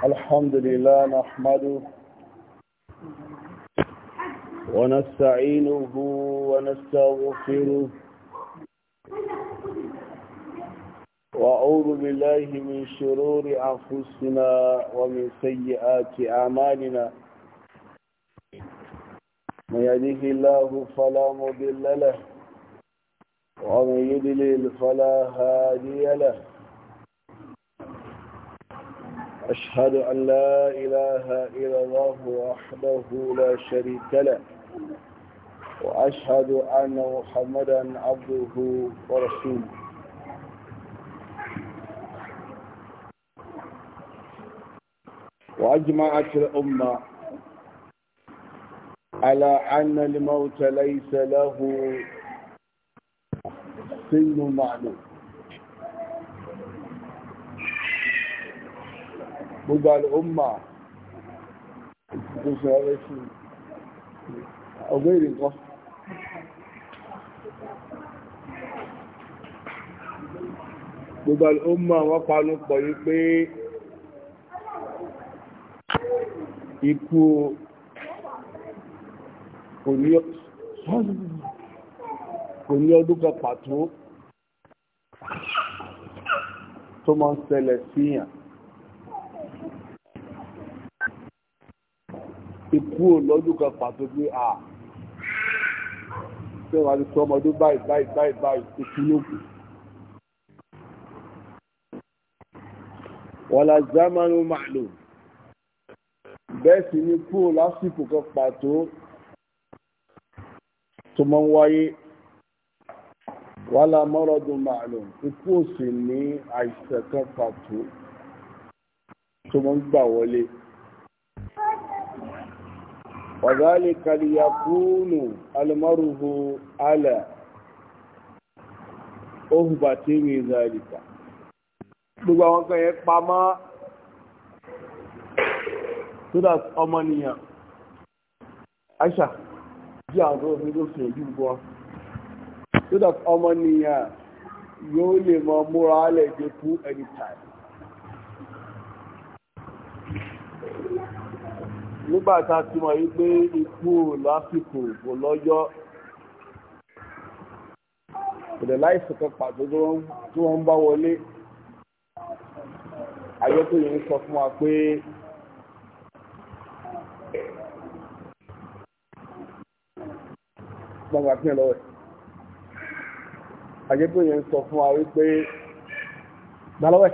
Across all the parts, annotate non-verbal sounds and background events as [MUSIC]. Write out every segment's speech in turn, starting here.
الحمد لله نحمده ونستعينه ونستغفره وأعوذ بالله من شرور أنفسنا ومن سيئات أعمالنا من يهده الله فلا مضل له ومن يضلل فلا هادي له أشهد أن لا إله إلا الله وحده لا شريك له وأشهد أن محمدا عبده ورسوله وأجمعت الأمة على أن الموت ليس له سن معلوم gbogbo al'umma ìgbésí ọrẹ́ sí ọgbẹ́ ìrìnkọ́ gbogbo al'umma wọ́n panu pọ̀ yí pé ikú kò ní ọdún kan pàtó tó máa ń ṣẹlẹ̀ síyàn ikú ò lọ́dún kan pàtó pé à ṣé wàá ti sọ ọmọdún báyìí báyìí báyìí báyìí ikú ló kù. wàlá zamanu màlúù bẹ́ẹ̀ sì ni kú ò lásìkò kan pàtó tó máa ń wáyé wàlá mọ́rọ̀dún màlúù ikú ò sì ní àìsàn kan pàtó tó máa ń gbà wọlé. وذلك ليكون المرء على أهبة من ذلك gbogbo àwọn kan yẹn pa mọ́ so that ọmọnìyàn aṣà jí àwọn tó fi ló fi ojú gbọ́ so that ọmọnìyàn yóò lè mọ múra lẹ́jẹ̀ fún anytime nígbàtà tí wọ́n yí pé ikú lásìkò kò lọ́jọ́ ìdẹ̀ láìsí kan pàtó tí wọ́n ń bá wọlé ayọ́tòyè ń sọ fún wa pé gbọ́nà pín lọ́wọ́ ayọ́tòyè ń sọ fún wa wípé gbálọ́wẹ́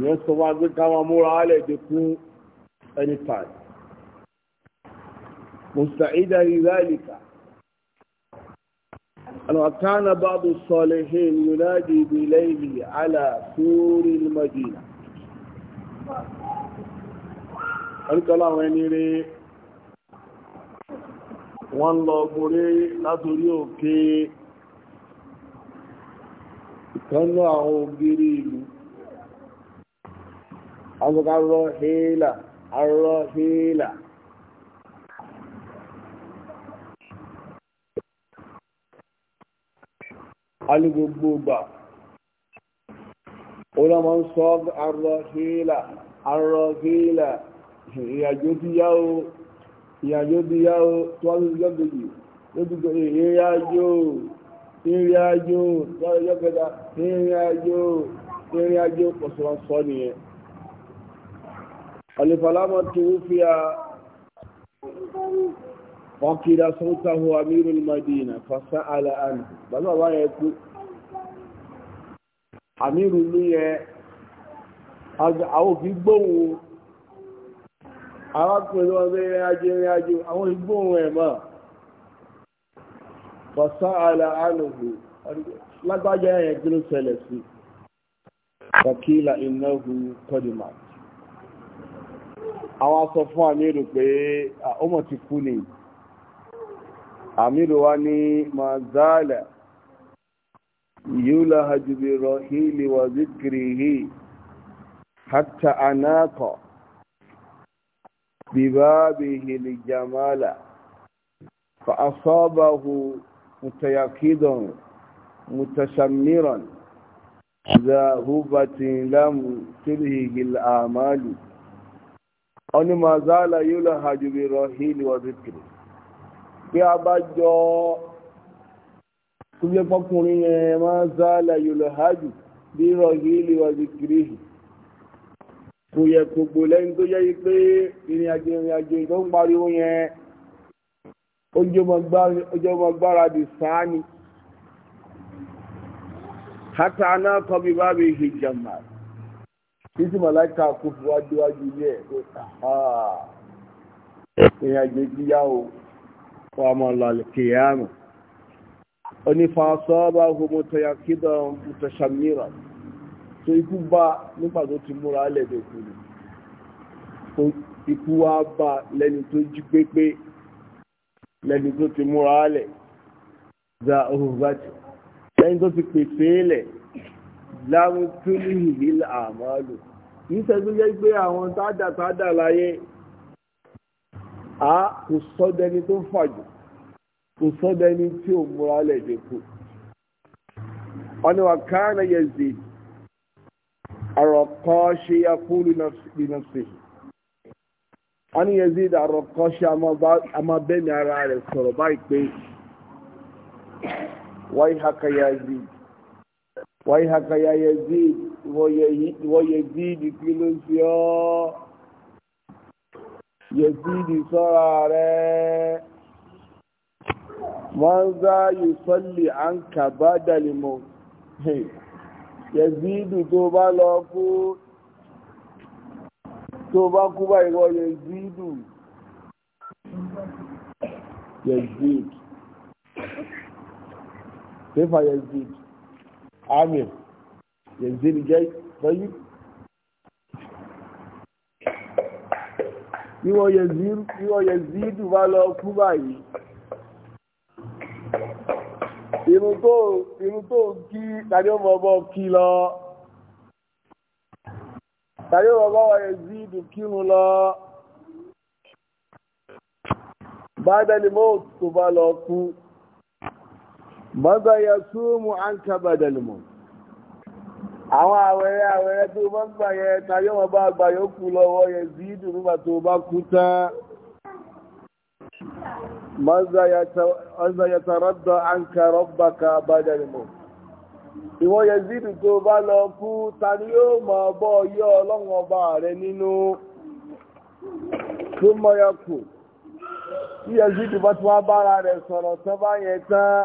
ìyẹn sọ wá gbé káwọn múra alẹ́ dé fún ẹni tààdì mùsàídà ìrálìkà وكان بعض الصالحين ينادي بليلي على سور المدينة ọ̀ríkọ́lá àwọn ẹni rí wọ́n lọ gúrí látorí òkè ìkanú àwọn ògiri ìlú àwọn sọ pé arọ hílà arọ hílà. a ní gbogbo gbà òun náà máa ń sọ arọ hílà arọ hílà ìrìnàjò ti yá o ìrìnàjò ti yá o tí wọ́n ti yọ́ bèjì lójúgbò ìrìnàjò ìrìnàjò tí wọ́n ti yọ́ bẹ̀dà ìrìnàjò pọ̀sọ̀rọ̀ sọ nìyẹn alifalama tuwufiya wakila sautahu amirul madina fasa'ala anhu bàbá wa yẹ kú amiru ló yẹ àwọn òfin gbóhùn arákùnrin wọn bẹ rìn ajé rìn ajé àwọn òfin fasa'ala anhu lágbájá yẹn kí ló ṣẹlẹ̀ wakila innahu qadima àwọn sọ fún àmìrò pé ọmọ ti kú ni àmìrò wá ní mazala yíò láhajúbí rọ̀hílì wà zíkìrìhì hatta anákọ̀ bíbábìhì lè jamala fa asọ́bàhù mutayakidon mutashamiran ذا هبة لم تلهه الآمال wọ́n ní mazala yóò lọ hajj bí rahil wa zikiri bí a bá jọ kújẹ́ pọ́kùnrin yẹn mazala yóò lọ hajj bí rahil wa zikiri kò yẹ gbogbo lẹ́yìn tó yẹ pé ìrìnàjò ìrìnàjò tó ń pariwo yẹn ojúmọ gbáradì sáà ni hátà náà kọ́ bí bá bí títí màláìka kò fi wá déwájú ilé ẹ̀ pé èèyàn àjèjì o wà á máa lọ àlùkìyàmù ó ní fàṣọ bá homo tọyà kídọ̀ mùtọ̀ṣàmìírà tó ikú bá nígbà tó ti múra lẹ́dẹ̀ kúrò ikú wá bá lẹ́ni tó jí pépé lẹ́ni tó ti múra lẹ̀ za ohun bá ti lẹ́ni tó ti pèsè lẹ̀ láwùtúlì ìlú àmọ́lù ìṣẹ́ tó pé àwọn tádàtádà láyé a kò sọ́dẹni tó fàjò kò sọ́dẹni tí ò múra lẹ́jẹ̀ kú ọ̀nà wàkánà yẹ zè ṣe ya kúrú línàṣẹ́ wọ́n ni Yazid àrọ̀kọ́ ṣe a ara rẹ̀ sọ̀rọ̀ báyìí pé wáyé haka Yazid wàyí hakaya Yazid ìwọ Yazid kí ló ṣe ọ́ Yazid sọ́ra rẹ̀ wọ́n zá yusalli anka badali mọ́ Yazid tó bá lọ kú tó bá kú bá ìwọ Yazid Yazid Kéfà Yazid amir yanzu ni jai bayu ìwọ̀ yẹ̀zídù bá lọ kú báyìí irun tó ń kí tàbí ọmọ ọbọ̀ kí lọ tàbí ọmọ ọbọ̀ yẹ̀zídù kírun lọ bá dẹ́lì mọ́ tó bá lọ kú maza ya súnmù mu bàdàlùmọ̀ àwọn àwẹ̀rẹ̀ àwẹ̀rẹ̀ tó bá gbà yẹ tayọ́ wọn bá gbà yóò kú lọ́wọ́ yẹ sí ìdùnnúgbà tó bá kú tán maza ya taradda áńkà ya bàdàlùmọ̀ ìwọ́n yẹ sí ìdù tó bá lọ kú ta ni yóò mọ̀ bọ́ yọ ọlọ́run ọba rẹ nínú tó mọ́ yẹ kù tí yẹ sí ìdù bá tún wá bára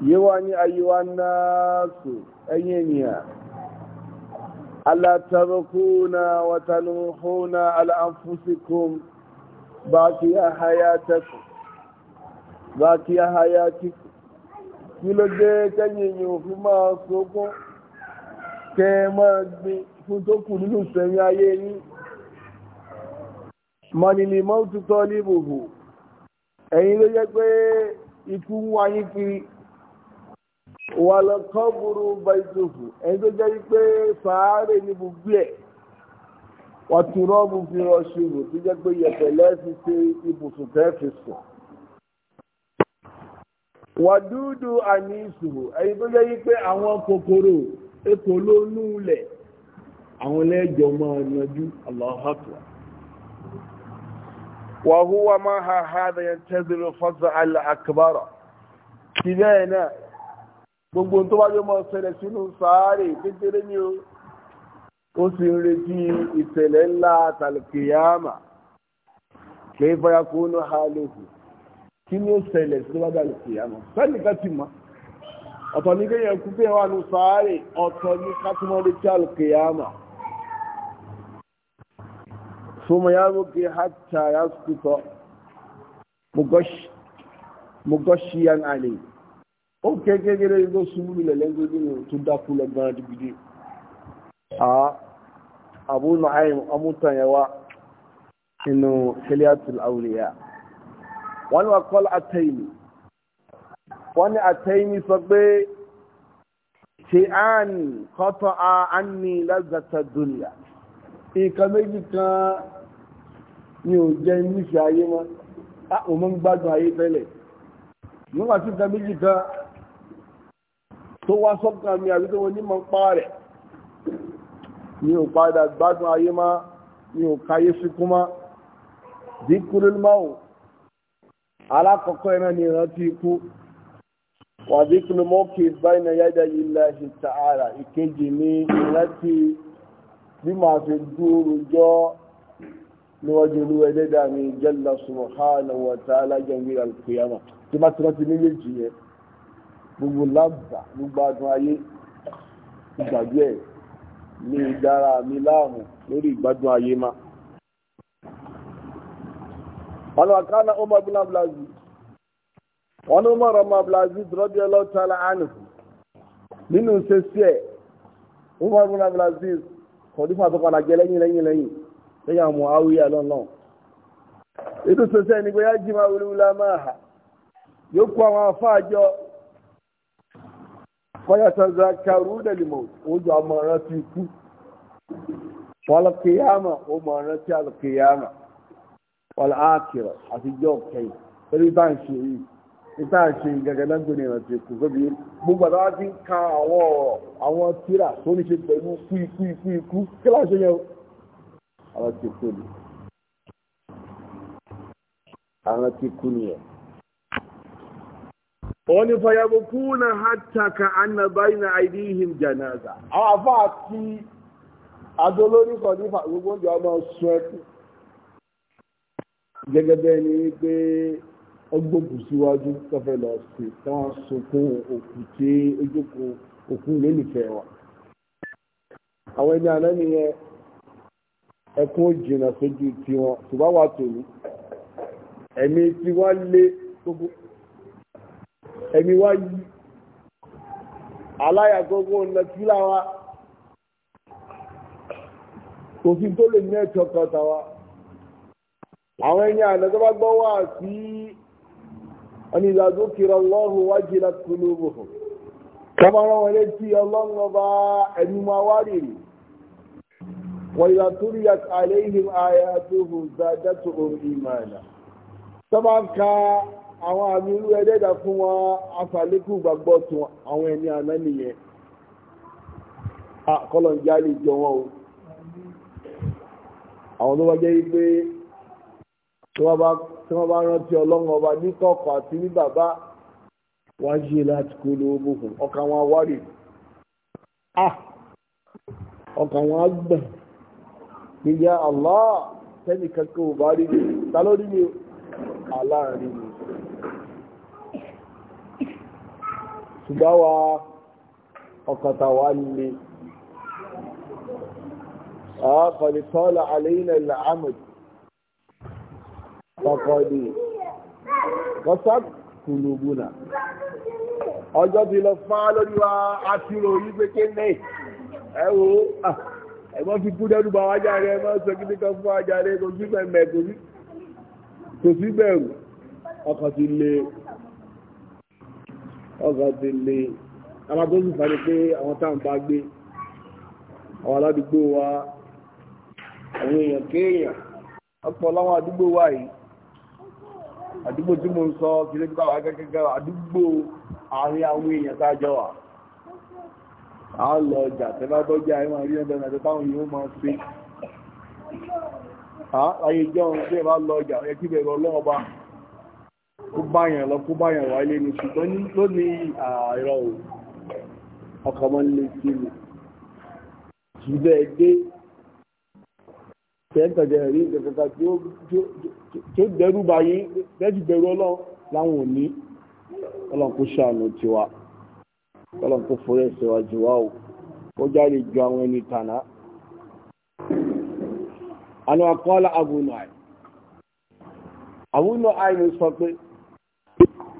yiwa wa ni ayyuwa na su ɗanyeniya alatarkuna watanuhuna na ba na ya haya teku ba ya haya teku filoge ɗanyeni ofin ma soko ke ma gbi fun to ku ninu sẹyin aye ni manini mautu tọ ni buhu ẹyin ló jẹ pé ikú ń wáyé kiri wàlọ́kọ́bùrú bẹ́ẹ̀tùfù ẹni tó jẹ́ wípé fàárẹ̀ ẹ̀ tó jẹ́ pé yẹ̀pẹ̀lẹ́ fi ṣe ibùsùn tẹ́ fi sùn. wàdúùdù àní ìṣòro ẹni tó jẹ́ wípé àwọn kòkòrò ló lẹ̀ àwọn máa yanjú aláhàtúwà. máa ha ha dẹ̀yẹ̀ tẹ́sílẹ̀ fọ́sọ̀ àkàbàrà. náà gbogbo tó wáyé mọ́ ṣẹlẹ̀ sínú sàárè kékeré ni o ó sì ń retí ìṣẹ̀lẹ̀ ńlá tàlùkìyàmà kìí fọyà kó ló ha lóko kí ni ó ṣẹlẹ̀ sí wájú àlùkìyàmà sẹ́nìkan ti mọ́ ọ̀tọ̀ ní kéèyàn kú kéèyàn wà ní sàárè ọ̀tọ̀ ní kátìmọ́ retí àlùkìyàmà ثم يبكي حتى يسقط مغشيا عليه ó kékeré ló ṣubú ilẹ̀ lẹ́gbẹ̀ẹ́ tó dákú lọ́gbọ́n dìbìdì àbú nàáyìn amútànyẹwà inú heliatul auliya wọ́n wá kọ́lá àtẹ́yìnì wọ́n ní àtẹ́yìnì sọ pé ṣe án kọ́tọ̀ á ní lázàtà dùnìyà nǹkan méjì kan ni ò jẹ́ nífẹ̀ẹ́ ayé mọ́ àwọn ọmọ ń gbádùn ayé tẹ́lẹ̀ nígbà tí nǹkan méjì kan tó wá sọ́kàn mi àbí tó wọ́n ní mọ̀ ń pa rẹ̀ mi ò padà gbádùn ayé má mi ò káyé fikún má díkùrú má ò alákọ̀ọ́kọ́ iná ni ìrántí ikú wà díkùrú mọ́ kì í báyìí náà yáda yìí láṣẹ tààrà ìkejì ní ìrántí bí màá fi dúró jọ́ níwájú olúwa ẹlẹ́dàá mi jalla subhanahu wa ta'ala jẹ́ wíra al-qiyamah tí má ti rántí méjèèjì yẹn gbogbo lábà gbogbo adùn ayé ìgbàgbé ẹ̀ ní ìdára mi láàmú lórí ìgbádùn ayé má. ọlọ́kánná ọmọ ibùdó abúlázì wọn ní ọmọ ọmọ abúlázì dúrọ́bí ọlọ́tàlá ànìkù nínú ṣẹṣẹ ẹ̀ ọmọ ibùdó abúlázì kọ̀dífà tó padà lẹ́yìn lẹ́yìn lẹ́yìn lẹ́yìn àwọn lọ́nà yá jìmá wíwúlá máa hà yóò kó àwọn fọ́yàtàzà kàrú dẹ̀lìmọ̀ ojú àmọ̀ràn ti kú ìta ṣe gẹ́gẹ́ náà gbé ní ìrántí kù gbogbo àtàwọn ti ń ka àwọn ọ̀rọ̀ àwọn tíra tó ní ṣe pẹ̀lú kú ikú ikú ikú kí láṣẹ yẹn o àwọn kú ni oni fayabukuna hatta ka anna bayna aidihim janaza àwọn àfáà tí adolórí kan ní gbogbo ìjọ ọmọ sún ẹkù gẹ́gẹ́ bẹ́ẹ̀ ni pé ọgbọ́gbù síwájú tọ́fẹ́ lọ sí táwọn sunkún òkú tí ojókòó òkú wa àwọn ẹni àná nìyẹn ẹkún jìnnà sójú tiwọn wà tòun tí ẹ̀mí wá yí aláyàgógó ńlọ kí láwa kò sí tó lè ní ẹ̀tọ́ kan tàwa àwọn ẹni àná tó bá gbọ́ wá sí ẹni ìdàdó kiri ọlọ́run wájú ilẹ̀ kúlóbù kọ́mọ rán wọn létí ọlọ́run ọba ẹ̀mí máa wá rèé وإذا تليت عليهم آياته زادتهم إيمانا سبعك àwọn àmì irú ẹ̀dẹ́dà fún wọn afàlékù gbàgbọ́ tún àwọn ẹni àná nìyẹn kọ́lọ̀ o àwọn tó bá jẹ́ wípé tí wọ́n bá rántí ọlọ́run ọba ní àti ní bàbá wá yé láti kó lówó ọkàn wọn wárì ọkàn wọn gbọ̀n níyà Allah tẹ́nìkan kò bá rí ṣùgbọ́n wa ọkàtà wa lè فقد طال علينا العمد فقد قصد قلوبنا ọjọ́ ti lọ fán lórí wa a ti rò yí pé ké ní ẹwò ẹ̀mọ́ fi kú dẹ́rù bá wájá rẹ̀ ẹ̀mọ́ sọ kí nìkan fún wájá rẹ̀ kò sí mẹ̀mẹ̀ Ọzọ ti lè alábójú fàájú pé àwọn táà ń bá gbé àwọn aládùúgbò wa àwọn èèyàn kéèyàn ọ̀pọ̀ láwọn àdúgbò wa yìí àdúgbò tí mo ń sọ kìlé tí gẹ́gẹ́gẹ́ àdúgbò àárín àwọn èèyàn wà A lọ ọjà tẹ́lá ọjà kó báyàn lọ kó báyàn wà ilé ni ṣùgbọ́n lónìí ààrọ ọkọ̀ mọ́ lè sí mi jù bẹ́ẹ̀ dé tẹ́ẹ̀kẹ̀jẹ̀ rí ìgbẹ̀kẹ̀kẹ̀ tí ó dẹ̀rú báyé bẹ́ẹ̀jì bẹ̀rù ọlọ́run láwọn ò ní ọlọ́run kó ṣàánú tiwa ọlọ́run kó forí ẹ̀ṣẹ̀ wa jù wá o ó jáde ju àwọn ẹni tànà àwọn akọ́lá abúlé àìní abúlé àìní sọ pé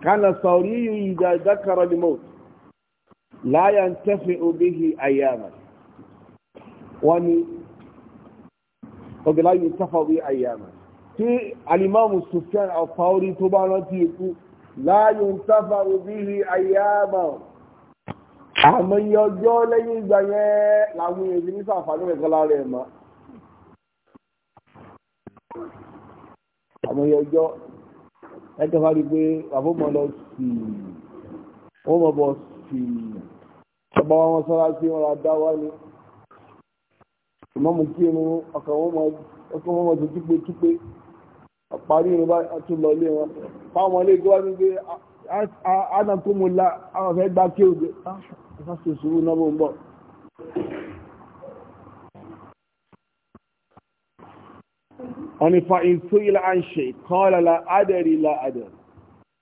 كان الثوري إذا ذكر الموت لا ينتفع به أياما وأن ولا ينتفع به أياما في الإمام السفيان الثوري طبعا لا ينتفع به أياما àmọ́ iye ọjọ́ lẹ́yìn ìgbà yẹn làwọn èèyàn ti ní sàǹfààní rẹ̀ kọ́lá rẹ̀ mọ́ àmọ́ ọjọ́ ẹjọ́ bá rí pé àbúmọ̀ lọ sí wọ́n mọ̀ bọ̀ sí ọba wọn sọ́ra sí wọn dá wá ní ìmọ̀mù kí irun ọkàn wọn mọ̀ tó túpé túpé parí irun bá tún lọ ilé wọn fáwọn ọmọ ilé gbọ́wọ́ ní pé ádàm tó mú la àwọn fẹ́ gbá kí òde sùúrù náà bó ń bọ̀. wọ́n ní fa ìtú ilá à ń ṣe kọ́ọ̀lọ́lá adẹ̀rì ilá adẹ̀rì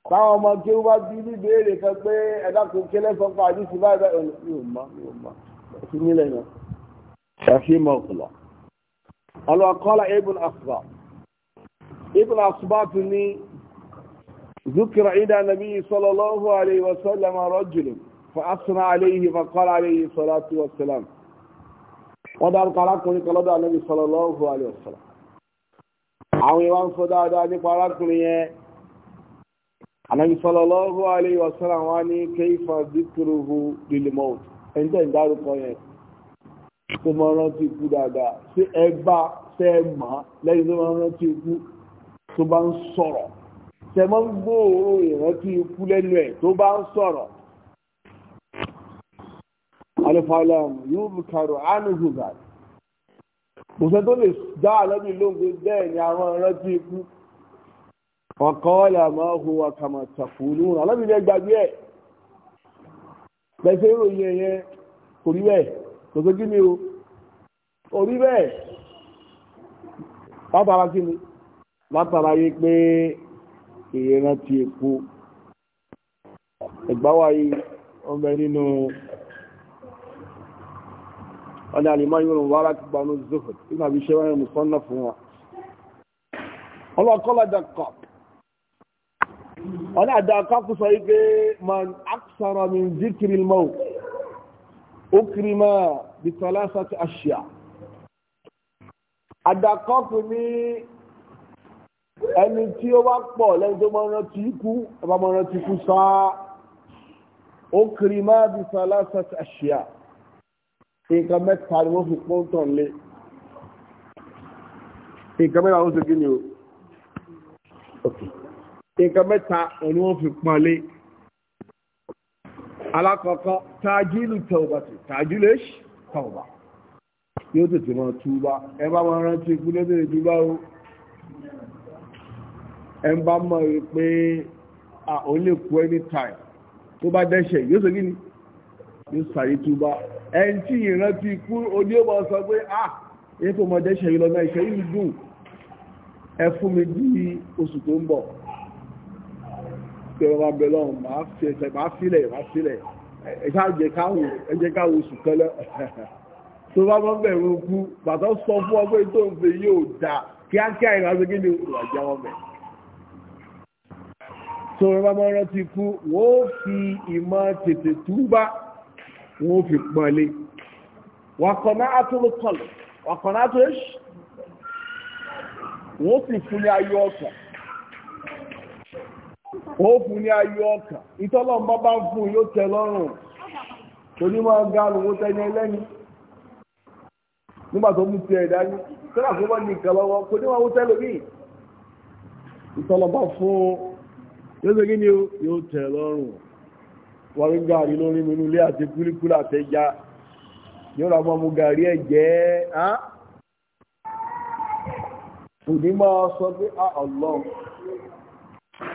táwọn ọmọ kí ó bá bí ní béèrè kan pé ẹ̀dá kò kí lẹ́sọ̀ pa àdìsí báyìí báyìí ọ̀nà mi ò mọ̀ mi ò mọ̀ ẹ̀sì nílẹ̀ yẹn ẹ̀sì mọ̀ ọ̀kùlọ̀ ọlọ́wọ́ kọ́lá ibùn àṣùbà ibùn àṣùbà tún ní zukira ìdá nàbí sallallahu alayhi wa sallam rajulun fa asna alayhi fa qala alayhi salatu wa salam wọ́n dárúkọ alákùnrin kan lọ́dọ̀ ànábì sallallahu alayhi wa àwọn ìwà ń fọ́ dáadáa nípa arákùnrin yẹn Ànábì sallallahu alayhi wa sallam wá ní kayfa dhikruhu lil maut ẹ̀ńtẹ́ ìdárúkọ yẹn tó ẹ tó máa rántí ikú tó bá ń sọ̀rọ̀ tẹ́ máa ń ìrántí ikú tó bá ń sọ̀rọ̀ yóò òṣèlú tó lè dá àlọ́bì lóńgbé bẹ́ẹ̀ ni àwọn ọ̀rọ̀ tí ikú ọ̀kan ọ̀là máa hu àkàmà tàfùlù àlọ́bì lè gbàgbé ẹ̀ bẹ́ẹ̀ ṣe ìròyìn ẹ̀yẹ kò rí bẹ́ẹ̀ kò sí kíni o kò rí bẹ́ẹ̀ látara kíni látara yìí pé ìrántí ikú ẹ̀gbáwá yìí ọmọ nínú ọdá alìmọ́ ìwọ̀n wára gbanú zuhud nígbà bí ṣe wọ́n mùsọ́nà fún wa ọlọ́kọ́lọ́dà kọ́p ọdá àdáká kú sọ wípé man aksara min zikiri mọ́ okiri ma bi talasa ti aṣíà àdáká kú ní ẹni tí ó wá pọ̀ lẹ́yìn tó mọ́ rántí ikú ọba mọ́ rántí ikú sáà okiri ma bi talasa ti aṣíà nǹkan mẹ́ta ni wọ́n fi pọ́ńtọ̀ lé nǹkan mẹ́ta wọ́n fi kí ni o nǹkan mẹ́ta ni wọ́n fi pọ́n lé alákọ̀ọ́kọ́ tàjílù tẹ̀wọ̀bà tó tàjílù èṣì tẹ̀wọ̀bà yóò tètè máa túbá ẹ bá máa rántí ikú ló tètè túbá o ẹ bá mọ̀ pé à ó lè kú anytime tó bá dẹ́ṣẹ̀ yóò sọ kí ni yóò sàrí túbá ẹn tí ìrántí ikú oníọ̀bọ̀ sọ pé ah èyí tó mọ̀dé ṣe ìlọ́nà ìṣẹ́ yìí dùn ẹ fún mi di oṣù tó ń bọ̀ tẹ̀wọ́n abẹ lọ́hùn máa fi ẹsẹ̀ máa filẹ̀ máa filẹ̀ ẹ̀ka jẹ káwò ẹ̀jẹ̀ káwò oṣù kẹlẹ́ [LAUGHS] tó bá mọ́ bẹ̀rù ikú bàtọ́ sọ fún ọ pé tó ń fi yóò dà kíákíá ìrìnàjò kí ni ìwà jáwọ́ bẹ̀ tó bá mọ́ rántí ikú wọ́n fi ìmọ̀ tètè túbá wọ́n fi pọ́nlé wàkọ̀nà àtúrúkọ̀lù wàkọ̀nà àtúrúṣ wọ́n sì fún ní ayọ̀ ọkàn wọ́n fún ní ayọ̀ ọkàn ìtọ́lọ́n bá bá fún yóò lọ́rùn tó ní máa ga nígbà tó mú ti fún wọn ní kò ní wọ́n rí gàrí lórí mi nílé àti kúlíkúlí àtẹja yóò rà mọ́ mu gàrí ẹ̀ jẹ́ ẹ́ òní máa sọ pé a ọ̀lọ́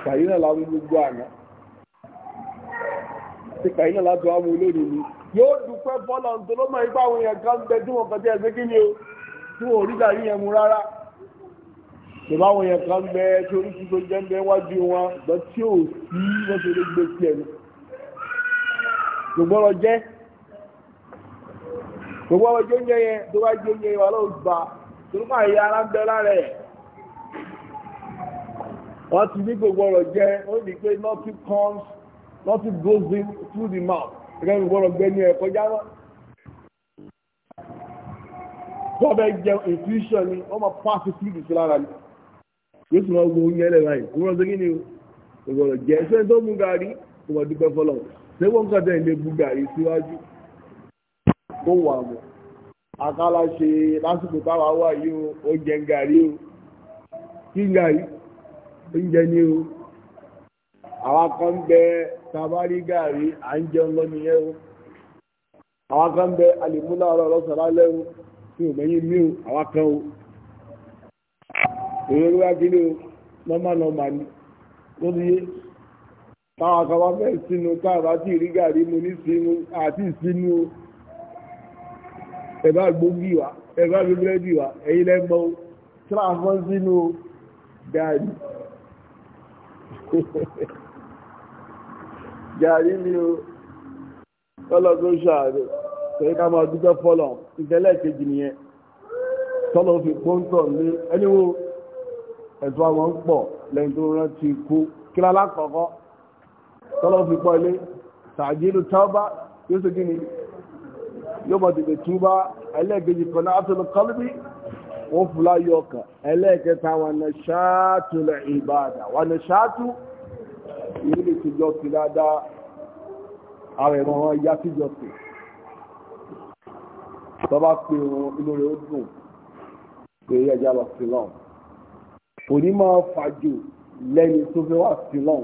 kàrí náà láwọn gbogbo àná tí kàrí náà látọ̀ àwọn olóòrùn ni yóò dúpẹ́ bọ́lá ń tó ló mọ̀ ipá àwọn èèyàn kan bẹ tí wọ́n kọjá ẹgbẹ́ kí ni o tí wọ́n rí gàrí yẹn mu rárá ìbáwọn èèyàn kan bẹ tí oríṣi tó jẹ́ ń bẹ wájú wọn gbọ́ tí ò sí wọ́n gbé sí ẹnu gbogbo jẹ́ gbogbo ọjọ́ oúnjẹ yẹn tó bá jẹ́ oúnjẹ wà lóò gbà tó ní máa yẹ ara ń bẹ lára wọ́n ti ní gbogbo ọ̀rọ̀ jẹ́ ó ní pé nothing comes nothing goes in through the mouth ẹgbẹ́ gbogbo ọ̀rọ̀ gbẹ́ ní ẹ̀ kọjá wọn. tó bẹ jẹ infusion ni wọ́n máa pass it through the lára ni yóò sì máa gbogbo oúnjẹ lẹ́wọ̀n yìí gbogbo ọ̀rọ̀ jẹ́ ṣé tó mú gàrí kò mọ̀ dúpẹ́ fọlọ́wọ́ ṣé wọ́n kọ́tẹ̀ ilé búgàrí síwájú kó wà mọ̀ àkàlà ṣe lásìkò táwa wà yìí o ó jẹ gàrí o kí gàrí oúnjẹ ni o àwọn kan ń bẹ tabari gàrí à ń jẹun lọ́nìyẹn o àwọn kan ń bẹ alimúlá ọ̀rọ̀ ọlọ́sọ̀rọ̀ alẹ́ o tí ò mẹ́yìn mí o àwọn kan o èrò wá kí ni o nọ́mà nọ́mà ni lórí táwọn akọwà fẹ́ sínú káàbá tí ìrí gàrí mú ní sínú àti ìsínú ẹ̀bá gbógi wá ẹ̀bá bíbélẹ́dì wá ẹ̀yìn lẹ́gbọ́n tíráfọ́ sínú gàrí [LAUGHS] gàrí ni o tọ́lọ́gbó ṣàrò pé ká máa dúpẹ́ fọ́lọ̀ ìtẹ́lẹ̀ kejì nìyẹn tọ́lọ́ fi pọ́ńtọ̀ ní ẹniwó ẹ̀tọ́ àwọn ń pọ̀ lẹ́yìn tó rántí ikú kí lálákọ̀ọ́kọ́ tọ́lọ́ fi pọ́ ilé tààjínú tọ́bá yóò sì gíní yóò mọ̀ tètè túbá ẹlẹ́ẹ̀kejì kan náà àtúnú kọ́lùbí wọ́n fúlá yọ ọkà ẹlẹ́ẹ̀kẹta wà ní ṣáàtú lẹ̀ ìbàdà wà ní ṣáàtú ìrírí ìtìjọ sí dáadáa ara wọn yá síjọ sí tọ́ba wọn inú rẹ̀ ó dùn pé lẹ́ni tó fẹ́ wà sí lọ́n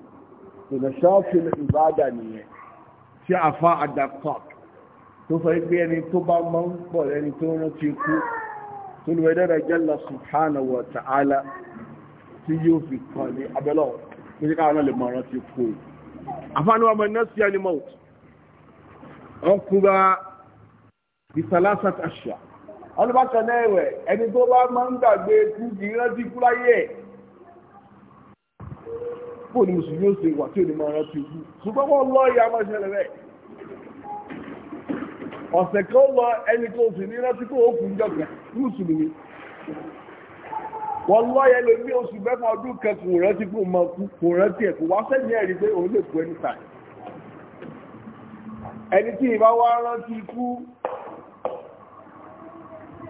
ìrìnṣọ́fìl ìbádà nìyẹn tí a fa àdàkọ́t tó sọ pé ẹni tó bá mọ́ ń pọ̀ ẹni tó rán ti kú tó lè wẹ́dẹ́rẹ̀ jalla subhanahu wa ta'ala tí yóò fi kàn ní abẹ́lọ́ tó ṣe káwọn lè mọ̀ràn ti kú àfáàníwà mọ̀ iná sí ẹni mọ́t ọkùnrin bisalasat ashya ọlọ́bàkan náà ẹ̀wẹ̀ ẹni tó bá máa ń gbàgbé kú kì í rántí kú láyé ẹ̀ kó ní mùsùlùmí ó ṣe ìwà tí ò ní máa rántí ikú ṣùgbọ́n wọ́n lọ ìyá máa ṣẹlẹ̀ rẹ̀ ọ̀sẹ̀ kan lọ ẹni tó sì ní rántí kó òkú ń jọ̀gbẹ́ mùsùlùmí wọ́n lọ yẹ lè ní oṣù mẹ́fà ọdún kan kò rántí kó máa kú kò rántí ẹ̀ kò wá sẹ́yìn ẹ̀rí pé òun lè kú ẹni tà ẹni tí ìbá wá rántí ikú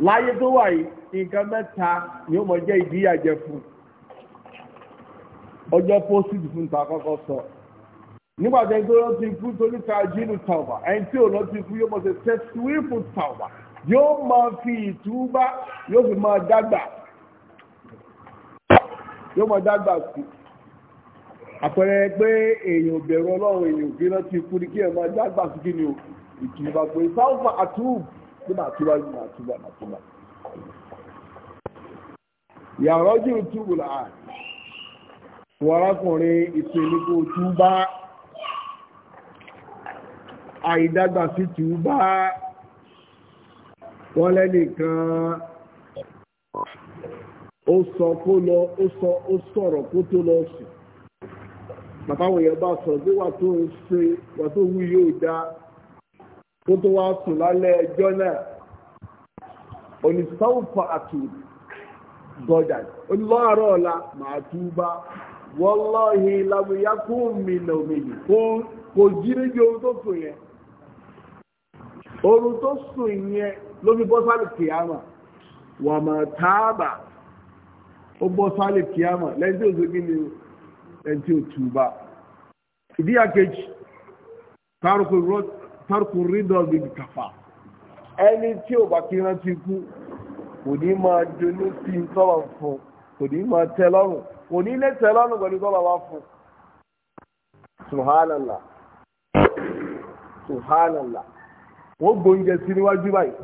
láyé tó wà yìí nǹkan mẹ́ta ni ó mọ̀ jẹ́ ìdíyàjẹ fún un ọjọ́ pósìtì fún ta kọ́kọ́ sọ nígbàtẹ́ tó lọ ti kú torí ka jínu tàwà ẹni tí ò lọ ti kú yóò mọ̀ sí tẹ́síwìfù tàwà yóò máa fi ìtúbá yóò fi máa dàgbà yóò máa dàgbà sí àpẹẹrẹ pé èèyàn bẹ̀rù ọlọ́run èèyàn òbí náà ti kú ní kí ẹ̀ máa dàgbà sí kí ni o ìtúbá pé sáwùfà àtúbù tí màá túbá ní màá túbá màá túbá yàrá ojú ìtúbù làárẹ̀ wọ́rákùnrin ìpínlẹ̀kò túbá àìdágbà sí túbá wọ́n lẹ́nìkan ó sọ kó lọ ó sọ ó sọ̀rọ̀ kó tó lọ sùn bàbáwọn èèyàn bá sọ̀rọ̀ pé wà tó ń ṣe wà tó wú yóò dá kó tó wá sùn lálẹ́ ẹjọ́ náà onísàwùfà àtù gọ́dà ó ní ọ̀la màá túbá wọ́lọ́hì lábúyá kún mi nà òmìnì fún kò jí níbi ohun tó sùn yẹn ohun tó sùn yẹn ló fi bọ́ sálì kìámà wà mà táàbà ó bọ́ sálì kìámà lẹ́yìn tí ó sọ gíní lẹ́yìn tí ó túbà ìdí àkejì tárùkù rídọ̀ bíi kàfà ẹni tí ò bá kí rántí kú kò ní máa dunú sí tọ́lọ̀ fún kò ní máa tẹ́ lọ́rùn kò ní lè tẹ̀ lọ́rùn pẹ̀lú tó bàbá fún subhanallah subhanallah wọ́n gbóúnjẹ sí níwájú báyìí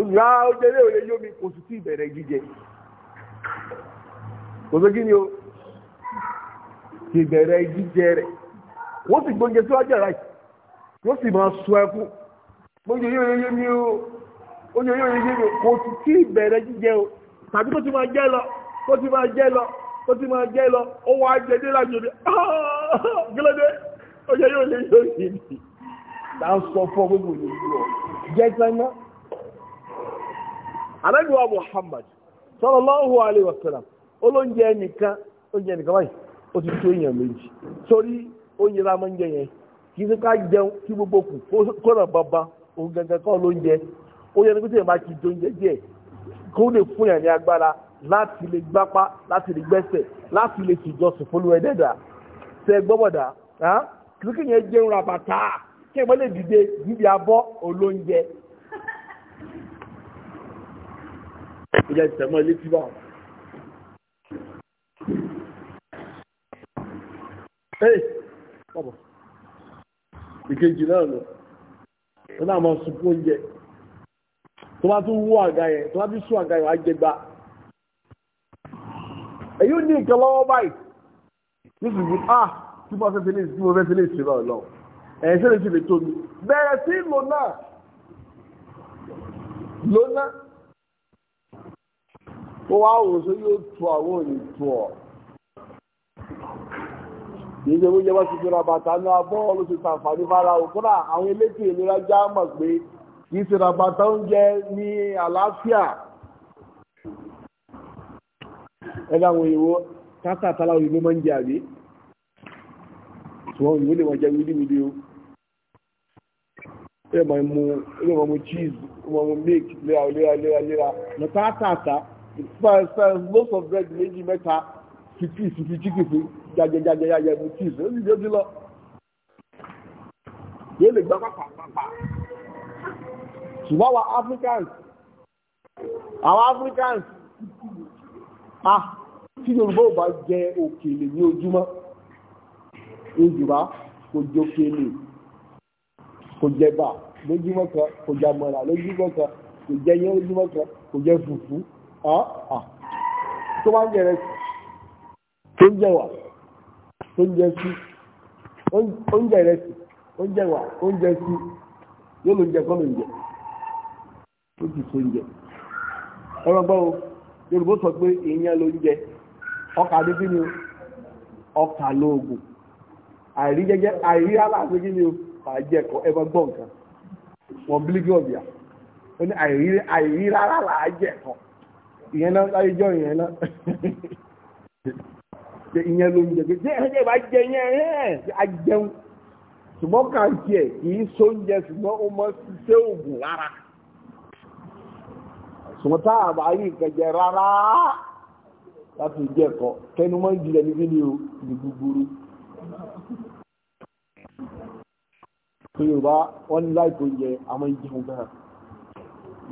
ìgbà oúnjẹ lè òye yómi kò sì tí ìbẹ̀rẹ̀ jíjẹ kò sí kí ni o ti bẹ̀rẹ̀ jíjẹ rẹ̀ wọ́n sì gbóúnjẹ síwájú ẹ̀rá yìí wọ́n sì máa sọ ẹkún gbóúnjẹ yóò yé mi o oúnjẹ yóò yé mi kò sì tí ìbẹ̀rẹ̀ jíjẹ o tàbí kó ti máa jẹ́ lọ kó ti máa jẹ́ lọ ó ti máa jẹ́ lọ ó wá ah, ó yóò lè yóò yìí ń sọ fún gbogbo ọ jẹ́ sẹ́nà anábíwá Muhammad sallallahu alaihi wasallam olóúnjẹ nìkan oúnjẹ nìkan báyìí ó ti tó èèyàn méjì sórí oúnjẹ la máa ń jẹ yẹn kì í ká jẹun kí gbogbo kù kó bàbá òun kọ́ oúnjẹ nígbà tí bá ti jẹ oúnjẹ kó lè fún yàn ní láti lè gbápá láti lè gbẹ́sẹ̀ láti lè ṣùjọsìn fún ẹ̀dẹ́dà tẹ gbọ́bọ̀dà kìrìkì yẹn jẹun rabata kí ẹgbẹ́ lè dìde dídì abọ́ olóúnjẹ. ìjà ìtẹ̀mọ́ ilé tí báwọn. ọ̀bọ̀ ìkejì náà lọ tó náà mọ̀ sunkún oúnjẹ tó bá tún wú àga yẹn tó bá tún sún àga yẹn wá jẹgba. èyí unique nǹkan lọ́wọ́ báyìí nítorí ah tí ah fẹ́ fi lè tí mo fẹ́ fi lè se báyìí lọ ẹ̀yìn sẹ́lẹ̀ ṣe lè tó mi bẹ̀rẹ̀ sí lò náà lò náà ó wá wò o yóò tu àwọn òní tu ọ ra bàtà ní fara òkúra àwọn elétò ìlera já mọ̀ kì í ṣe ra bàtà oúnjẹ ní ẹgbẹ́ àwọn òyìnbó tátàtàlà òyìnbó máa ń jẹ àbí ṣùgbọ́n òyìnbó lè wọ́n jẹ wídíwídí o ẹ máa mú ẹ máa mú cheese ẹ máa mú milk léra léra léra léra mọ tátàtà most of bread méjì mẹ́ta fifty fifty chicken fún jajajajajajẹ mú cheese ó sì dé bí lọ yóò lè gbá pàpàpàpà ṣùgbọ́n àwọn Africans àwọn Africans ah tí yorùbá ò bá jẹ òkèlè ní ojúmọ. yorùbá kò jókèlè kò jẹba lójúmọ́ kan kò jàmọ̀là lójúmọ́ kan kò jẹ yẹn lójúmọ́ kan kò jẹ fùfú ah, ah. tó bá ń jẹ rẹ tó ń jẹ wà tó ń jẹ sí oúnjẹ rẹ sí oúnjẹ wà oúnjẹ sí yóò yorùbá sọ pé ìyẹn ló ń jẹ ọkà ni ọkà lóògùn àìrí jẹjẹ àìrí aláàfin kí ni o àìjẹ ẹkọ ẹ bá nǹkan wọn bílíkì ọbìà ó ní àìrí àìrí rárá là ẹkọ ìyẹn náà láyé jọ ìyẹn náà ṣe ìyẹn ló ń jẹ pé ṣùgbọ́n tá a bá rí ìkẹjẹ rárá láti jẹ́ ẹ̀kọ́ kẹnu mọ́ ìjìnlẹ̀ níbi ní o ní gbogbo yorùbá wọ́n ní láì tó jẹ àmọ́ ìjẹun gan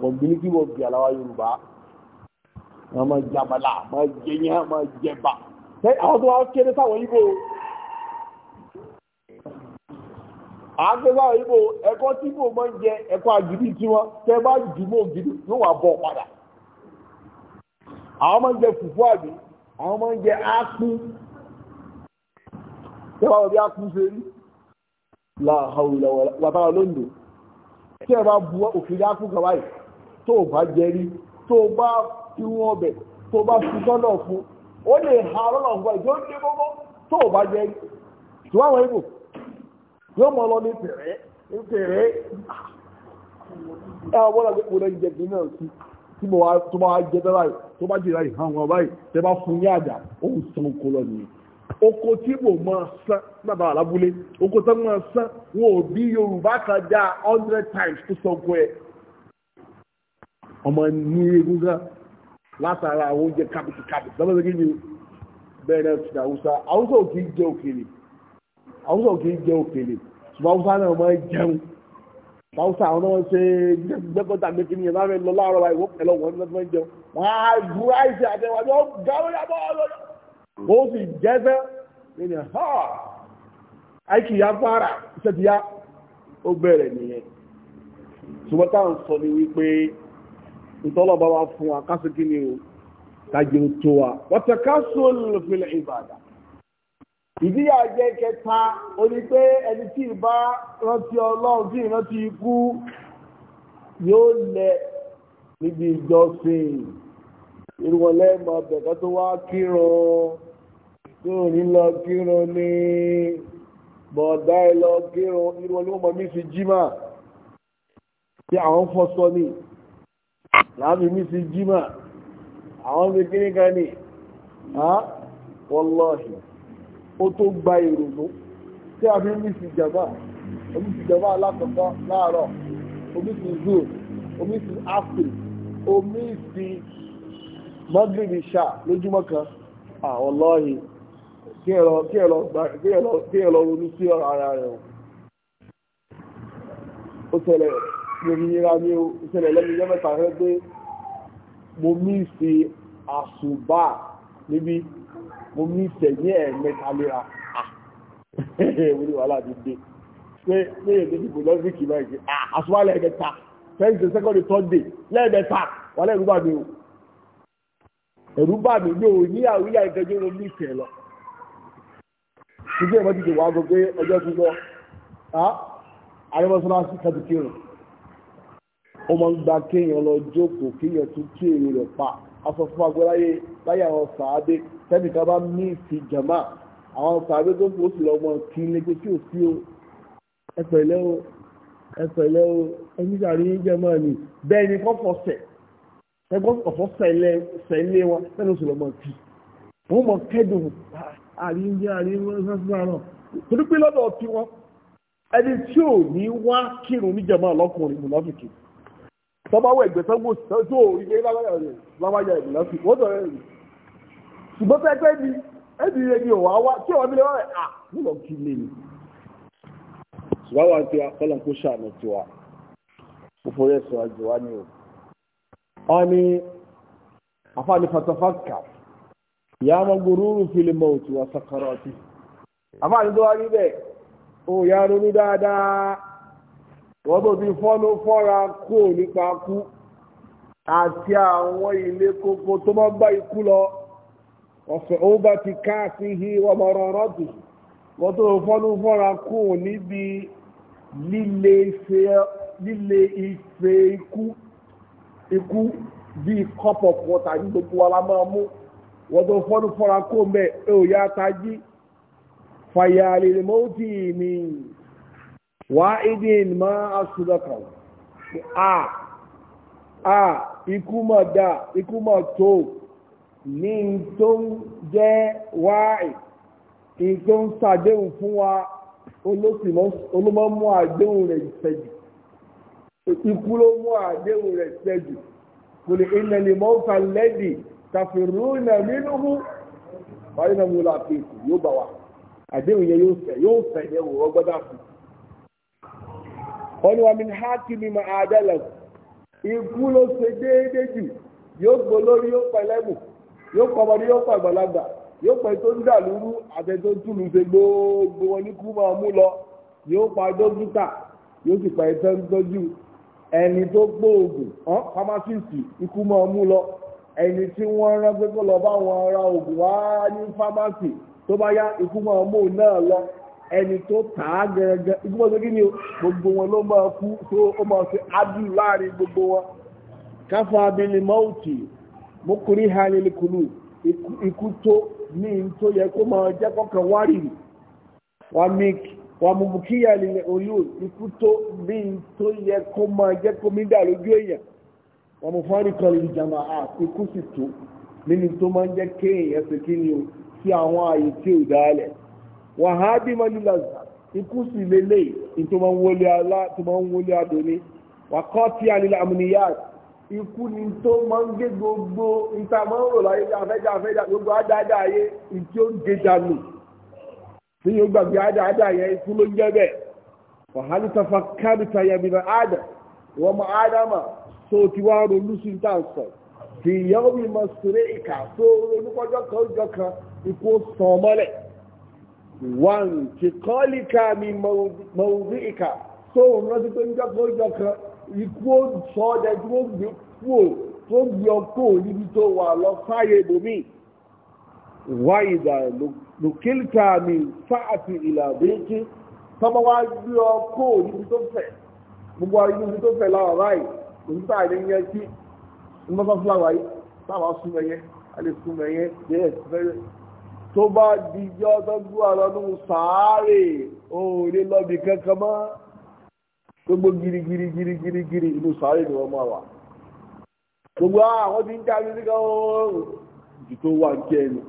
wọ́n gbìlí kí wọ́n bí aláwa yorùbá wọ́n máa jabala máa jẹyàn máa jẹba àwọn tó wá kéré sáwọn yíbo àgbẹ̀bá ìbò ẹ̀kọ́ tí mò máa ń jẹ ẹ̀kọ́ àgídí tí wọ́n tẹ́ bá jù mọ́ ògidì ló wà bọ̀ padà àwọn máa ń jẹ fùfú àbí àwọn máa ń jẹ ápú tẹ́ bá wọ́n bí ápú ṣe rí làhàwùlà wàtàrà lóńdò tí ẹ bá bu òfin ápú kan báyìí tó bá jẹ rí tó bá fi wọn ọbẹ̀ tó bá fi sọ́nà fún ó lè ha lọ́nà fún ẹ̀ ń dé gbogbo tó bá jẹ rí tí wọ́n yóò mọ lọ ní tèrè ní tèrè ẹ ọ bọ́lá gbogbo rẹ̀ jẹ gbin náà sí tí mo wá tó bá jẹ bẹ́ẹ̀ báyìí tó bá jìrà ìhàn wọn báyìí tẹ bá fún ní àjà ó ń san oko lọ nìyẹn oko tí mo máa san bàbá alábúlé oko tí mo máa san wọn ò bí Yorùbá kan já hundred times tó san oko ẹ ọmọ ní egúngán látara àwọn oúnjẹ kábìtì kábìtì lọ́wọ́ bẹ́ẹ̀ náà ti dà Haúsá Haúsá ò kì í jẹ òkèlè. Haúsá ò kì í jẹ òkèlè ṣùgbọ́n Haúsá náà máa ń jẹun Haúsá àwọn náà ṣe gbẹ́gbẹ́ta méjì nìyẹn láàrin lọ láàárọ̀ wa ìwọ́ pẹ̀lú ọ̀wọ́ nígbà tó máa ń jẹun wọ́n á bu àìsí àtẹwájú ó gáwó yàtọ̀ ọlọ́dọ̀ ó sì jẹ́fẹ́ nínú ha àìkì ya fara iṣẹ́ ya ó bẹ̀rẹ̀ nìyẹn ṣùgbọ́n táwọn sọ ni wípé ìtọ́lọ̀ wa fún wa kásìkí ni o kájí ó tó wa wọ́n ti ká sóòlù fil ìbàdàn ìdíyà jẹ́ kẹta orí pé ẹni tí ìbá rántí ọlọ́run tí ìrántí ikú yóò lẹ níbi ìjọsìn ìrùwọ̀lẹ́ mọ̀ bẹ̀kọ́ tó wá kírun tí ò ní lọ kírun ní bọ̀ọ̀dá ẹ lọ kírun ìrùwọ̀lẹ́ mọ̀ mí fi jímà tí àwọn fọ́sọ́ ní láàbí mí fi jímà àwọn fi kíníkan ní wọ́n lọ́ọ̀ṣùn ó tó gba èrò ló tí a fi ń mísì ìjàmbá omísì ìjàmbá alákọ̀ọ́kọ́ láàárọ̀ omísì zoo omísì afri omísì mọ́gìrì ṣá lójúmọ́ kan àwọ̀lọ́yìn kí ẹ lọ ronú sí ara rẹ̀ o ó ṣẹlẹ̀ ìrìnira ní o ó ṣẹlẹ̀ lẹ́nu ìjọ mẹ́ta rẹ̀ pé mo mísì àṣùbà níbi mo mí ìtẹ̀yẹ ẹ̀mẹ́ta léra wọ́n ah. [LAUGHS] ní wàhálà dídé pé pé èdè ìbò lọ́sìkì náà ah, ṣe àṣùwà lẹ́ẹ̀mẹ́ta first day second day third day lẹ́ẹ̀mẹ́ta wàhálà ẹ̀rú bá mi o ẹ̀rú bá mi ní òní àwíyá ìtẹ́jú ló ní ìtẹ̀ lọ. ṣùgbọ́n ìmọ̀ ti dè wá gbogbo ọjọ́ tó lọ ah, àrẹ́mọ́sọ́lásí kàtìkì rẹ̀ ó máa ń gba kéèyàn lọ jókòó kéèyàn tún kéèrè rẹ̀ pa asọ̀fún agbẹ́láyé láyé àwọn sàábé tẹ́nìká bá ní ìfì jàmá àwọn sàábé tó kù ó lọ́mọ kí n lépe tí ò sí o ẹ pẹ̀lẹ́ o ẹ pẹ̀lẹ́ o ẹni sàrí yín jẹ́ máa nì bẹ́ẹ̀ ni kọ́fọ̀ sẹ̀ ẹgbọ́n kọ̀fọ̀ sẹ̀lé wọn tẹ́nì ó sì lọ́mọ kí wọ́n mọ kẹ́dùn àríyín àríyín sáfúnra náà torí pé lọ́dọ̀ tí wọ́n ẹni tí ò ní wá kírun ní jàmá lọ́kùnrin mùnàfíkì tọ́ba wọ ẹgbẹ́ sọ́gbó tó orí pé lábáyà ìlú lọ́sùn wọ́n tọ̀ ẹ̀rù ṣùgbọ́n tó ẹgbẹ́ ni ẹbí rẹ̀ ni òwà wá tí ọ̀wá mi lọ́wọ́ ẹ̀ à nílò kí lè ní. ṣùgbọ́n wa ti wa kọ́lọ̀ kó ṣàmì tiwa kó forí ẹ̀sùn àjò wa ni o. wọ́n ní àfáàní fatafáàkà ìyá ọmọ gòrúurú fílímù òtù wa sakarọ́ọ̀tì àfáàní tó wá rí bẹ́ẹ̀ ó yá ronú dáadáa wọ́n tó ti fọ́nú fọ́ra kó nípa kú àti àwọn ilé kókó tó bá bá ikú lọ ọ̀fẹ́ ó bá ti ká sí hi ọmọ rọrọ́ tù wọ́n tó fọ́nú fọ́ra kó níbi líle ife ikú ikú bíi kọ́pọ̀ pọ̀ tàbí gbogbo wa la máa mú wọ́n tó fọ́nú fọ́ra kó mẹ́ ẹ̀ ò yá tají fàyà lè mọ́tì mìíràn. wa'idin ma a a ikú a dá ikú mà tó ní tó ń jẹ́ wáì ní sa ń sàdéhùn wa olómọ mú àdéhùn rẹ̀ ìfẹ́jù ikú ló mú àdéhùn rẹ̀ ìfẹ́jù kò lè iná lè mọ́ fà lẹ́dì tàfìrú nà nínú mú wáyé náà mú lọ àpèkù yóò bá wa àdéhùn wọ́n ní wọ́n mi ní hákìmí máa adẹ́lẹ̀kù ikú ló ṣe déédé jù yóò gbó lórí yóò pẹ́ lẹ́bù yóò pọ̀ ọmọdé yóò pọ̀ àgbàlagbà yóò pẹ́ tó ń dà lúrú tó ń ṣe gbogbo wọn ní kú máa mú lọ yóò pa dókítà yóò sì pa ẹsẹ̀ ń tọ́jú ẹni tó gbóògùn lọ ẹni tí wọ́n rán pé lọ bá wọn ra òògùn wá ní fámásì tó bá yá lọ ẹni tó tà á gẹ̀rẹ̀gẹ̀ ìgbìmọ̀ tó kí ni gbogbo wọn ló máa kú tó ó máa fi láàrin gbogbo wọn káfà abínlẹ̀ mọ́ọ̀tì mọ́kùnrin ha ní kùlù ikú tó ní tó yẹ kó máa jẹ́ kọ́kàn wárìrì wà mílíkì wà mùbùkíyà ní oyún ikú tó ní tó yẹ kó máa jẹ́ kó mí dà lójú èèyàn wà mú fárí kan ikú sì tó tó máa jẹ́ kéèyàn ṣe kí ni o sí àwọn wàhádì mọ́lúlọ́sà ikú sì lélẹ̀ tó máa ń wọlé adò ní wàkọ́ tí a nílẹ̀ ikú ni tó máa ń gé gbogbo níta máa ń rò láyé afẹ́jà afẹ́jà gbogbo ádáadáa ayé tí ó ń gé dànù tí yóò gbàgbé wa yẹn ikú ló ń jẹ́ bẹ́ẹ̀ wàhálì tafa kábìtà yẹmìnà ádà wọ́n mọ tó ti wá ronú sí wọn ti kọ́líkà mi mọ̀wùdí ìkà tó ń rántí pé níjọ́ kan níjọ́ kan ikú ó sọ ọ́ dẹ́jú ó gbé kúò tó gbé ọkọ̀ níbi tó wà lọ sáyé ibòmí wáyìdà lòkìlìkà mi fáàtì ìlàbíkí tọ́mọ wá gbé ọkọ̀ níbi tó fẹ̀ gbogbo ayé níbi tó fẹ̀ láwọ̀ báyìí kò ní sáà tó bá dijọ́ tó gbú àlọ́dún sàárè òòrè lọ́bì kankan mọ́ gbogbo girigiri girigiri giri inú sàárè ni wọ́n máa wà gbogbo àwọn tí ń jáde sí kan jù tó wà ní ẹni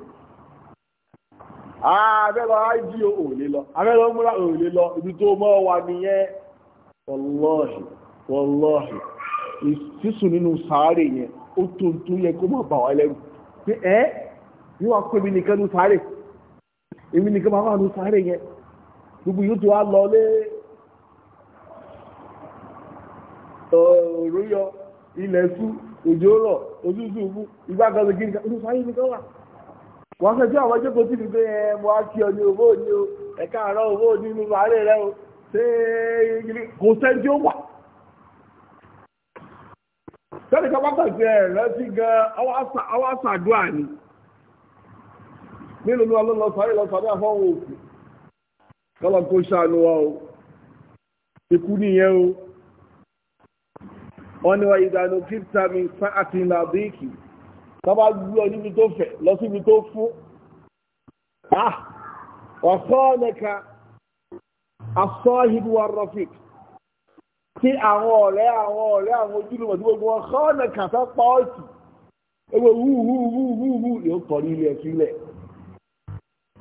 àbẹ́lọ ájí òòlé lọ àbẹ́lọ múra òòlé lọ ibi tó mọ́ wà nìyẹn wọlọ́ọ̀hì wọlọ́ọ̀hì sísùn nínú sàárè yẹn ó tó tó yẹ kó má bà wá lẹ́rù pé ẹ́ yóò wá mi nìkan ló sáré èmi nìkan máa wà ló sáré yẹn gbogbo yóò tó wá lọ lé yọ ilẹ̀ sú òjò rọ̀ ojúṣù mú ìgbà kan nìkan ló sáré nìkan wà. wọ́n sọ àwọn tí mi gbé ẹ mo á kí ní owó ní o ẹ̀ka àárọ̀ owó ní inú sáré rẹ o ṣé kò ó wà mélòó ni wọn lọ lọ sáré lọ sáré àfọwọ́ òkú kọ́lọ̀ kó ṣàánú wa o ikú nìyẹn o wọ́n ní wa ìdánù kírísítà mi sá àti ìlà bíìkì tọ́ba gbé ọ níbi tó fẹ̀ lọ síbi tó fún ọ̀sọ́ ọ̀nẹ́ka asọ́hìbù wa rọ́fìk tí àwọn ọ̀rẹ́ àwọn ọ̀rẹ́ àwọn ojúlùmọ̀ tí gbogbo ọ̀sọ́ ọ̀nẹ́ka tó pa ọ̀sì gbogbo wúwúwúwúwú yóò kọ̀ ní ilẹ̀ sílẹ̀.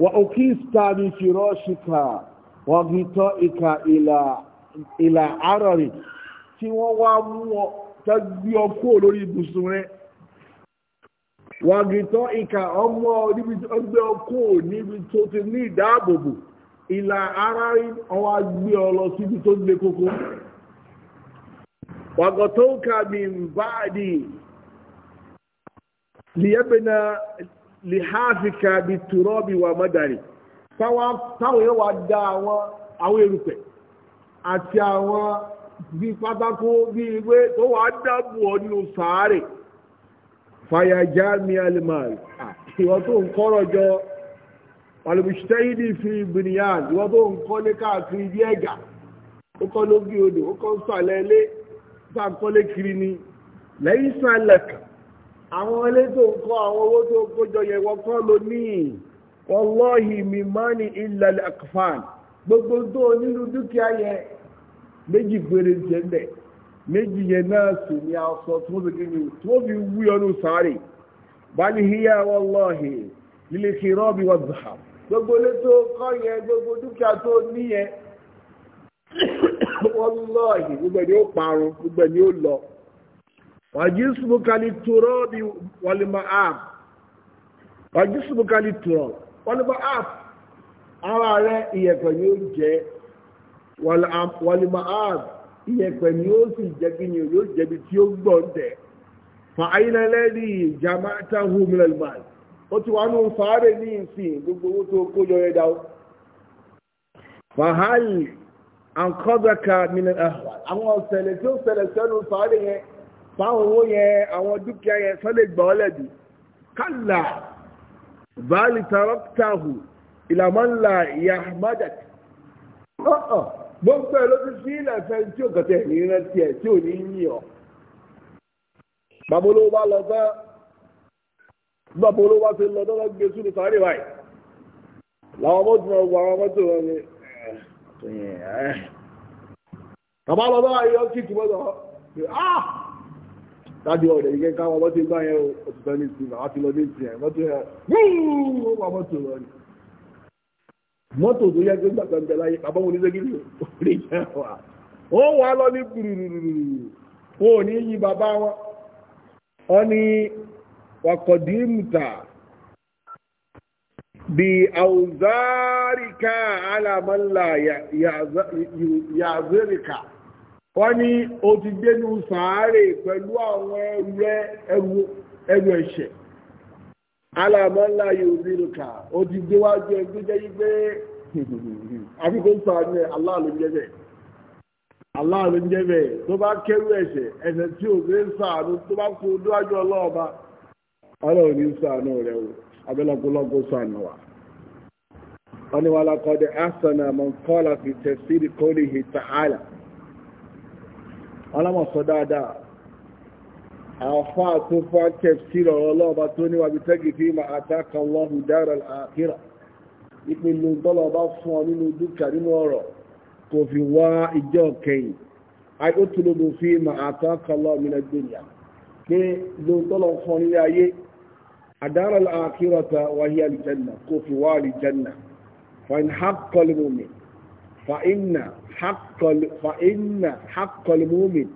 وأكيست من فراشك وغطائك إلى إلى عررك tí wọ́n wá mú ọ tẹ́gbí ọkọ́ lórí ibùsùn rẹ̀ wàgìtọ́ ìkà ọmọ ọgbẹ́ ọkọ́ níbi tó ti ní ìdáàbòbò ìlà ara rí ọwọ́ gbé ọ lọ síbi tó le koko wàgọ̀tọ́ ìkà mi ń bá àdì lihafika bi turobi wa madari táwọn yóò wá dá àwọn àwọn erùpẹ̀ àti àwọn bí pátákó bí ìwé tó wà dábò ọ nínú sàárè fàyàjá mi alimari ìwọ tó ń kọ́rọ̀ jọ alùmùsítẹ́yìdì fi bìnìyàn ìwọ tó ń kọ́lé káàkiri bí ẹ̀gà ó kọ́ lógí odò ó kọ́ sàlẹ̀ ilé sàkọ́lé kiri ni lẹ́yìn sàlẹ̀ kan àwọn elétò nǹkan àwọn owó tó kójọ yẹ wọ́n kọ́ ló ní wallahi mimani illa akfan gbogbo tó nínú dúkìá yẹ méjì péré jẹ́ ń méjì náà sì ni aṣọ tó fi kíni tó fi wú ọdún sáré bali hiya gbogbo elétò kọ́ yẹ gbogbo dúkìá tó ní yẹ [COUGHS] gbogbo ẹni ó parun gbogbo ẹni lọ. وجسمك للتراب والمآب وجسمك للتراب والمآب ara rẹ̀ ìyẹ̀pẹ̀ ni ó jẹ́ wàlìmáàb ìyẹ̀pẹ̀ ni ó sì jẹ́ kí ni yóò jẹ́bi tí ó gbọ́ tẹ̀ fàáyínlẹ́lẹ́rì jamaica homeland ó ti wà ní fàárẹ̀ ní ìsìn gbogbo owó tó kó yọ ẹ̀dá fàáyì àǹkọ́dọ̀ka mìíràn àwọn ọ̀sẹ̀lẹ̀ tí ó ṣẹlẹ̀ sẹ́nu fàárẹ̀ yẹn táwọn owó yẹn àwọn dúkìá yẹn sọ́lẹ̀ gbà ọ́ lẹ́bi kálà báàlì tàrọ́kítàhù ìlàmọ́là ìyá májàkì ọ̀ọ̀ gbogbo ẹ̀ ló ti sí ilẹ̀ fẹ́ tí ò kẹtẹ̀ ní rántí ẹ̀ tí ò ní yìn ọ́ babolówó bá lọ tán babolówó bá ti lọ tán lọ gbé sùn ní sáré báyìí làwọn mọ́tò lọ dájú ọ̀dẹ̀ yìí kẹ́kẹ́ káwọn mọ́tò ìgbà yẹn òtútọ́ ní ti àwọn ti lọ ní ti ẹ̀ mọ́tò yẹn wúúú wà mọ́tò lọ ni. mọ́tò tó yẹ kó gbàgbọ́ ńbẹ láyé bàbá wọn oníṣẹ́ kìíní òkúrè yẹn wà. ó wà lọ ní gbùrùrùrù wọn ò ní yí bàbá wọn. ọ ní wakọ̀dìmùtà bí àwùzárìkà alàmọ́là yàzẹ́rìkà. Ya, ya, wọ́n ní o ti gbénu sàárè pẹ̀lú àwọn ẹrù rẹ ẹrù ẹ̀ṣẹ̀ alamọ́lá yorùbá ìlúkà o ti gbéwájú ẹgbẹ́ jẹ́ yí pé [LAUGHS] àfikún aláàlú jẹ́ bẹ́ẹ̀ jẹ́ bẹ́ẹ̀ tó bá kẹ́rù ẹ̀ṣẹ̀ ẹ̀ṣẹ̀ tí tó bá kú níwájú ọlọ́ọ̀ba ní sàánú o wa. wọ́n ní wàhálà kọ́ alámọ̀sọ dáadáa àfá tó fá kẹfìsìrọ̀ ọlọ́ọ̀bá tó níwàbí tẹ́gì fi ma àtàkà lọ́hùn dára àkírà ìpínlẹ̀ tọ́lọ̀bá fún ọ nínú dúkà nínú ọ̀rọ̀ kò fi wá ìjọ kẹyìn àìkótólógún fi ma àtàkà lọ́hùn nàìjíríà pé lóòtọ́lọ̀ fún ọ nílé ayé àdára àkírà ta فإن حق فإن حق المؤمن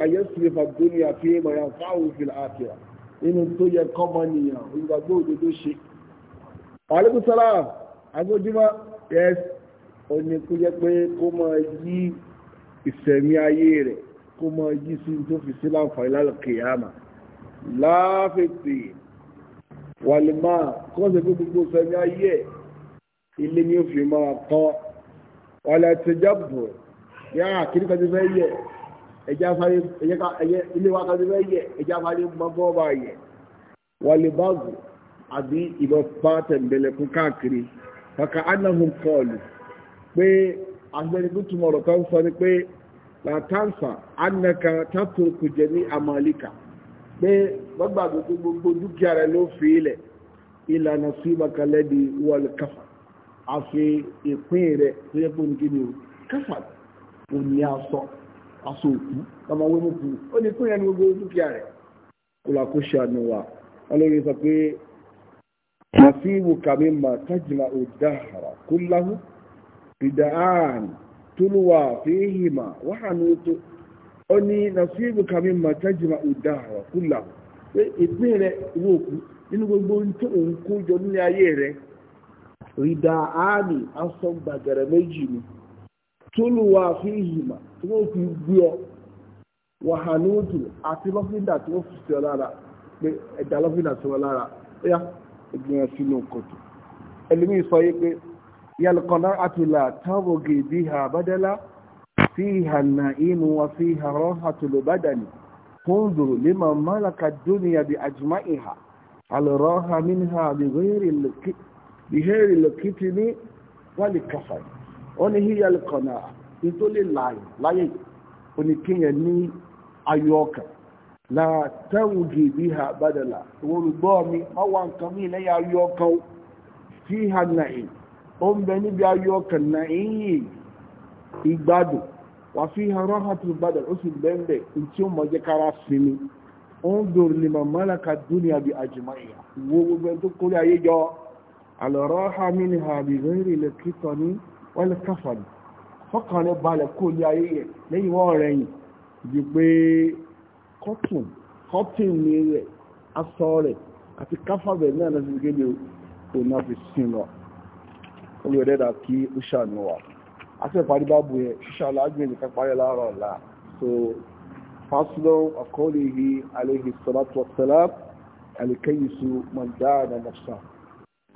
أن يصرف الدنيا فيما ينفعه في الآخرة إن توجه كمانيا إن قدود دوشي وعليكم السلام أقول جمع yes ó ní kó jẹ́ pé kó máa yí ìsẹ̀mí ayé rẹ̀ kó máa yí sí tó fi sí láǹfààní lálùkìyàmà láàfẹ̀tì wàlìmá kọ́sẹ̀ gbogbo ìsẹ̀mí ayé ilé ni ó fi máa kọ́ ọ̀lẹ̀ tìjọ́bù yára kìíní kan ti fẹ́ yẹ ẹja sáré ilé wa kan ti fẹ́ yẹ ẹja sáré gbọ́gbọ́ bá yẹ wọlé báàgù àbí ìbọn bá tẹ̀m̀bẹ̀lẹ̀kún káàkiri kàkà anahun kọlù pé agbẹnigbó túmọ̀ kan sọ ni pé làtàǹsà anaka tàtòkù jẹ ní amalika pé gbọ́gbàgbé gbogbo dúkìá rẹ̀ ló fi ilẹ̀ ìlànà sí ìbàkalẹ́ di wọlé káfà àfi ìpín rẹ̀ tó yẹ pé ní kí ni o kẹfà kò ní aṣọ aṣọ òkú ọmọ owó ó ní pín ẹni gbogbo dúkìá rẹ̀ kó la kó ṣe sọ pé àfi ìwò kàmí mà kájìlá òdáhàrà kó láhù ó ní nàfi ìwò kàmí mà kó pé ìpín rẹ̀ òkú rìdà áàmì aṣọ gbàgẹ̀rẹ̀ méjì ni tó lù wá fíhìmà tí wọ́n fi gbé ọ wàhánúùtù àti lọ́fíńdà tí wọ́n fi sí ọ lára pé ẹ̀dà lọ́fíńdà sí ọ lára ẹ̀yà ìgbìyàn sínú kòtò ẹlòmíì sọ yìí pé yalqana àtìlà tábògì bí ha bàdẹ́lá sí ìhànà ìmú wa sí ìhàrọ́ àtìlò bàdàní kúndùrù lima málàkà dúnìyà bí àjùmá ìhà àlùrọ́ ha mínú ha bí gbéyìrì bìhẹ́rì lọ́kìtì ní wàlì kàfà ó ní híyàlì kọ̀nà ní tó lè láàyè láyè na ní kéèyàn ní ayọ̀ ọkàn na ògì bí ha bàdàlà ìwọ́n olùgbọ́ mi má wà nǹkan mí lẹ́yìn ayọ̀ fi ha nàì ó ń bẹ níbi ayọ̀ ọkàn nàì yìí ìgbádùn wà fi ha rọ́hàtì bàdàlà ó sì bẹ́ẹ̀ bẹ́ẹ̀ ntí ó mọ̀ jẹ́ kára sinmi ó ń dòrò lè ka dúnìá bí àjùmọ̀ ìyá gbogbo tó kórè àlọ́rọ́ha mínú àbìrìnrì lè kíkọ ní wọ́n lè káfàdì fọ́kàn rẹ̀ balẹ̀ kó ní ayé yẹ lẹ́yìn wọ́n rẹ̀ yìn ju pé kọ́tùn kọ́tùn ní rẹ̀ aṣọ rẹ̀ àti káfàbẹ̀ náà lọ́sí gẹ́gẹ́ lè kò náà fi sin lọ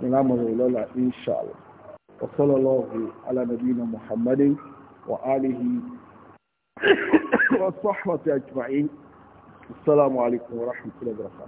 ìrámọ̀rọ̀ lọ́la inṣàlá ọ̀sọ́lọ́lọ́ọ̀hì alánàbínà muhammadin wa alihi wa sahbihi ajma'in assalamu alaikum wa rahmatullahi wa barakatuh